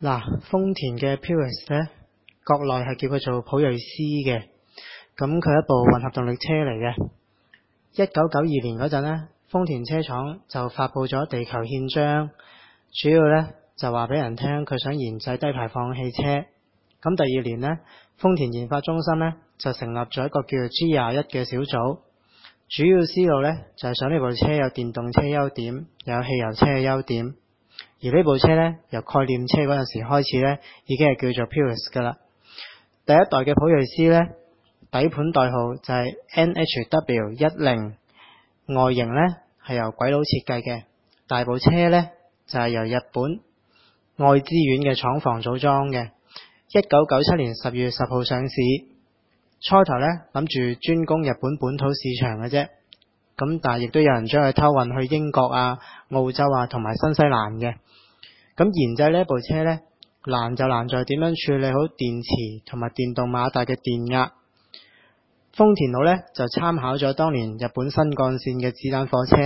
嗱，豐田嘅 Prius 咧，國內係叫佢做普銳斯嘅，咁佢係一部混合動力車嚟嘅。一九九二年嗰陣咧，豐田車廠就發布咗地球憲章，主要咧就話俾人聽佢想研製低排放汽車。咁第二年呢，豐田研發中心咧就成立咗一個叫做 G 廿一嘅小組，主要思路咧就係、是、想呢部車有電動車優點，有汽油車嘅優點。而呢部車咧，由概念車嗰陣時開始咧，已經係叫做 Prius 噶啦。第一代嘅普瑞斯咧，底盤代號就係 NHW 一零，外形咧係由鬼佬設計嘅，大部車咧就係、是、由日本愛知縣嘅廠房組裝嘅。一九九七年十月十號上市，初頭咧諗住專攻日本本土市場嘅啫。咁但係亦都有人將佢偷運去英國啊、澳洲啊同埋新西蘭嘅。咁研製呢部車呢，難就難在點樣處理好電池同埋電動馬達嘅電壓。豐田佬呢，就參考咗當年日本新幹線嘅子彈火車，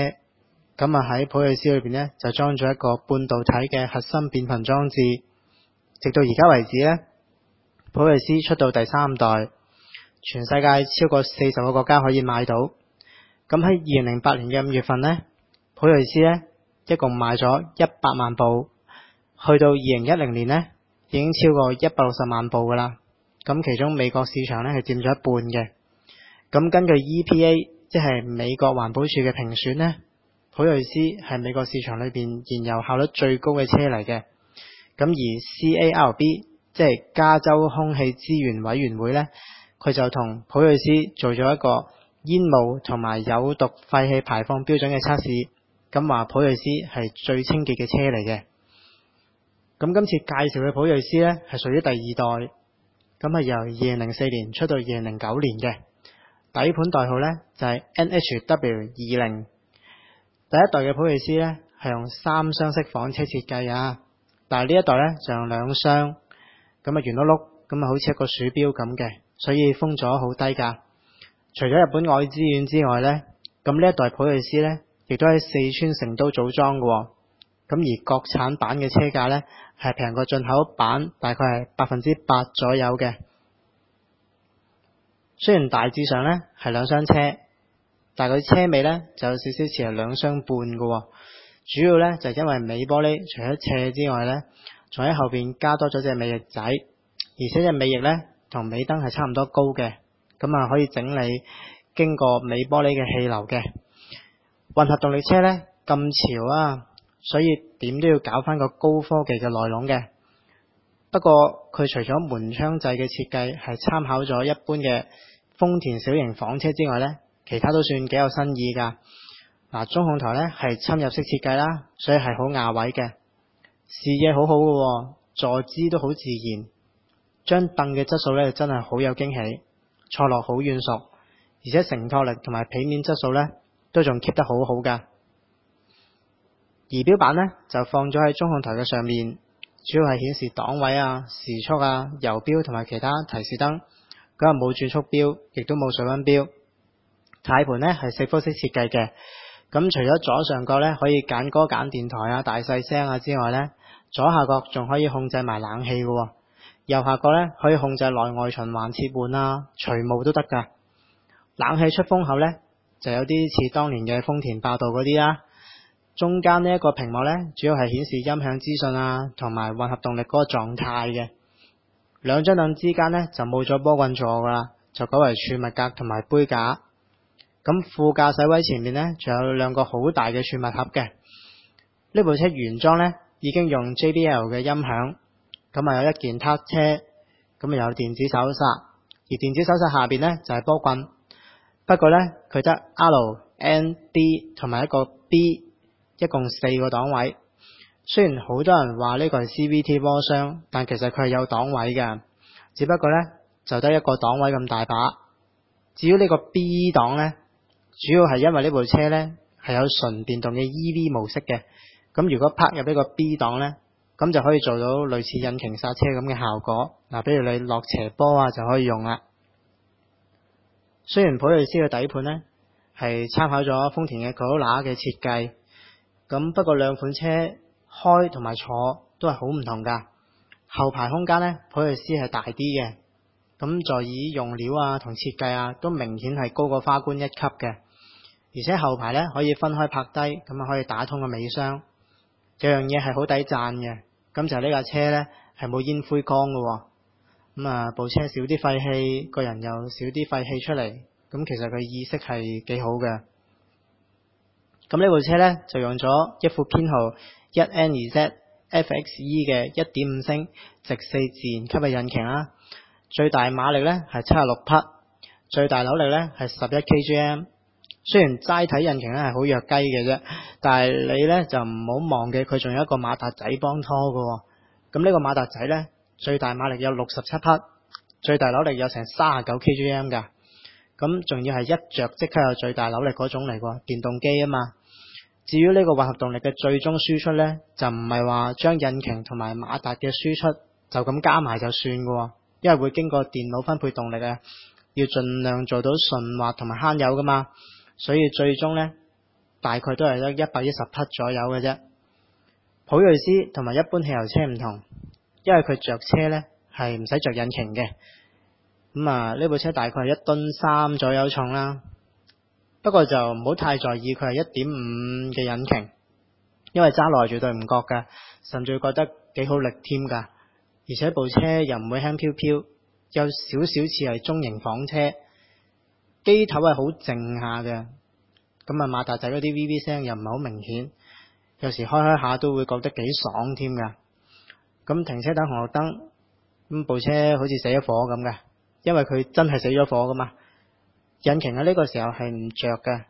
咁啊喺普銳斯裏邊呢，就裝咗一個半導體嘅核心變頻裝置。直到而家為止呢，普銳斯出到第三代，全世界超過四十個國家可以買到。咁喺二零零八年嘅五月份呢，普銳斯呢一共賣咗一百萬部，去到二零一零年呢，已經超過一百六十萬部㗎啦。咁其中美國市場呢，係佔咗一半嘅。咁根據 EPA 即係美國環保署嘅評選呢，普銳斯係美國市場裏邊燃油效率最高嘅車嚟嘅。咁而 CARB 即係加州空氣資源委員會呢，佢就同普銳斯做咗一個。煙霧同埋有毒廢氣排放標準嘅測試，咁話普銳斯係最清潔嘅車嚟嘅。咁今次介紹嘅普銳斯呢，係屬於第二代，咁係由二零零四年出到二零零九年嘅底盤代號呢，就係 NHW 二零。第一代嘅普銳斯呢，係用三箱式房車設計啊，但係呢一代呢，就用兩箱。咁啊圓碌碌，咁啊好似一個鼠標咁嘅，所以封咗好低價。除咗日本愛知縣之外呢，咁呢一代普銳斯呢，亦都喺四川成都組裝嘅。咁而國產版嘅車價呢，係平過進口版，大概係百分之八左右嘅。雖然大致上呢係兩箱車，但係佢車尾呢就有少少似係兩箱半嘅。主要呢就係因為尾玻璃除咗斜之外呢，仲喺後邊加多咗隻尾翼仔，而且隻尾翼呢同尾燈係差唔多高嘅。咁啊，可以整理經過尾玻璃嘅氣流嘅混合動力車呢，咁潮啊，所以點都要搞翻個高科技嘅內籠嘅。不過佢除咗門窗掣嘅設計係參考咗一般嘅豐田小型房車之外呢，其他都算幾有新意噶。嗱，中控台呢係侵入式設計啦，所以係好雅位嘅，視野好好噶，啊，坐姿都好自然，張凳嘅質素呢真係好有驚喜。坐落好軟熟，而且承托力同埋皮面質素咧都仲 keep 得好好噶。儀表板咧就放咗喺中控台嘅上面，主要係顯示檔位啊、時速啊、油標同埋其他提示燈。咁啊冇轉速標，亦都冇水溫標。軚盤咧係四輻式設計嘅。咁除咗左上角咧可以揀歌、揀電台啊、大細聲啊之外咧，左下角仲可以控制埋冷氣嘅喎。右下角咧可以控制內外循環切換啊，除霧都得噶。冷氣出風口咧就有啲似當年嘅豐田霸道嗰啲啦。中間呢一個屏幕咧主要係顯示音響資訊啊，同埋混合動力嗰個狀態嘅。兩張凳之間咧就冇咗波棍座噶啦，就改為儲物格同埋杯架。咁副駕駛位前面咧仲有兩個好大嘅儲物盒嘅。呢部車原裝咧已經用 JBL 嘅音響。咁啊，有一件撻車，咁啊有電子手剎，而電子手剎下邊呢，就係、是、波棍。不過呢，佢得 L、N、D 同埋一個 B，一共四個檔位。雖然好多人話呢個係 C V T 波箱，但其實佢係有檔位嘅，只不過呢，就得一個檔位咁大把。至於呢個 B 檔呢，主要係因為呢部車呢，係有純電動嘅 E V 模式嘅。咁如果拍入呢個 B 檔呢？咁就可以做到類似引擎煞車咁嘅效果。嗱，比如你落斜坡啊，就可以用啦。雖然普銳斯嘅底盤呢係參考咗豐田嘅 Corolla 嘅設計，咁不過兩款車開同埋坐都係好唔同㗎。後排空間呢，普銳斯係大啲嘅。咁座椅用料啊同設計啊都明顯係高過花冠一級嘅，而且後排呢可以分開拍低，咁啊可以打通個尾箱，呢樣嘢係好抵讚嘅。咁就呢架車咧，係冇煙灰缸噶、哦，咁、嗯、啊部車少啲廢氣，個人又少啲廢氣出嚟，咁、嗯、其實佢意識係幾好嘅。咁、嗯、呢部車咧就用咗一副編號一 n 二 z f x e 嘅一點五升直四自然吸氣引擎啦，最大馬力咧係七十六匹，最大扭力咧係十一 k g m。雖然齋睇引擎咧係好弱雞嘅啫，但係你咧就唔好忘記，佢仲有一個馬達仔幫拖嘅、哦。咁呢個馬達仔咧最大馬力有六十七匹，最大扭力有成三啊九 k g m 噶咁仲要係一着即刻有最大扭力嗰種嚟嘅電動機啊嘛。至於呢個混合動力嘅最終輸出咧，就唔係話將引擎同埋馬達嘅輸出就咁加埋就算嘅、哦，因為會經過電腦分配動力啊，要盡量做到順滑同埋慳油噶嘛。所以最終呢，大概都係得一百一十匹左右嘅啫。普銳斯同埋一般汽油車唔同，因為佢着車呢係唔使着引擎嘅。咁、嗯、啊，呢部車大概係一噸三左右重啦。不過就唔好太在意佢係一點五嘅引擎，因為揸耐絕對唔覺噶，甚至會覺得幾好力添噶。而且部車又唔會輕飄飄，有少少似係中型房車。機頭係好靜下嘅，咁啊，馬達仔嗰啲 V V 聲又唔係好明顯，有時開開下都會覺得幾爽添噶。咁停車等紅綠燈，咁部車好似死咗火咁嘅，因為佢真係死咗火噶嘛。引擎喺呢個時候係唔着嘅，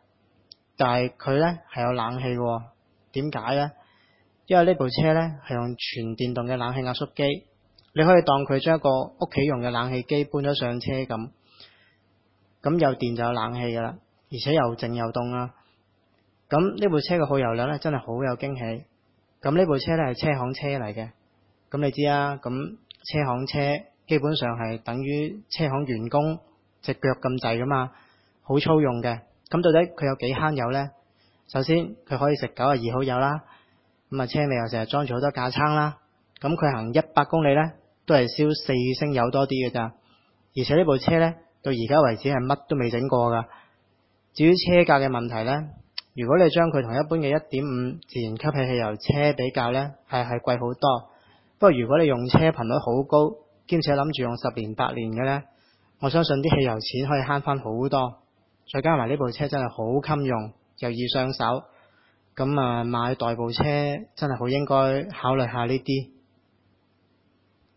但係佢呢係有冷氣嘅。點解呢？因為呢部車呢係用全電動嘅冷氣壓縮機，你可以當佢將一個屋企用嘅冷氣機搬咗上車咁。咁有電就有冷氣噶啦，而且又靜又凍啦。咁呢部車嘅耗油量咧真係好有驚喜。咁呢部車咧係車行車嚟嘅。咁你知啦、啊。咁車行車基本上係等於車行員工隻腳咁滯噶嘛，好粗用嘅。咁到底佢有幾慳油呢？首先佢可以食九廿二號油啦。咁啊車尾又成日裝住好多架撐啦。咁佢行一百公里咧都係燒四升油多啲嘅咋。而且呢部車咧。到而家為止係乜都未整過㗎。至於車價嘅問題呢，如果你將佢同一般嘅一點五自然吸氣汽油車比較呢，係係貴好多。不過如果你用車頻率好高，兼且諗住用十年八年嘅呢，我相信啲汽油錢可以慳翻好多。再加埋呢部車真係好襟用，又易上手。咁啊，買代步車真係好應該考慮下呢啲。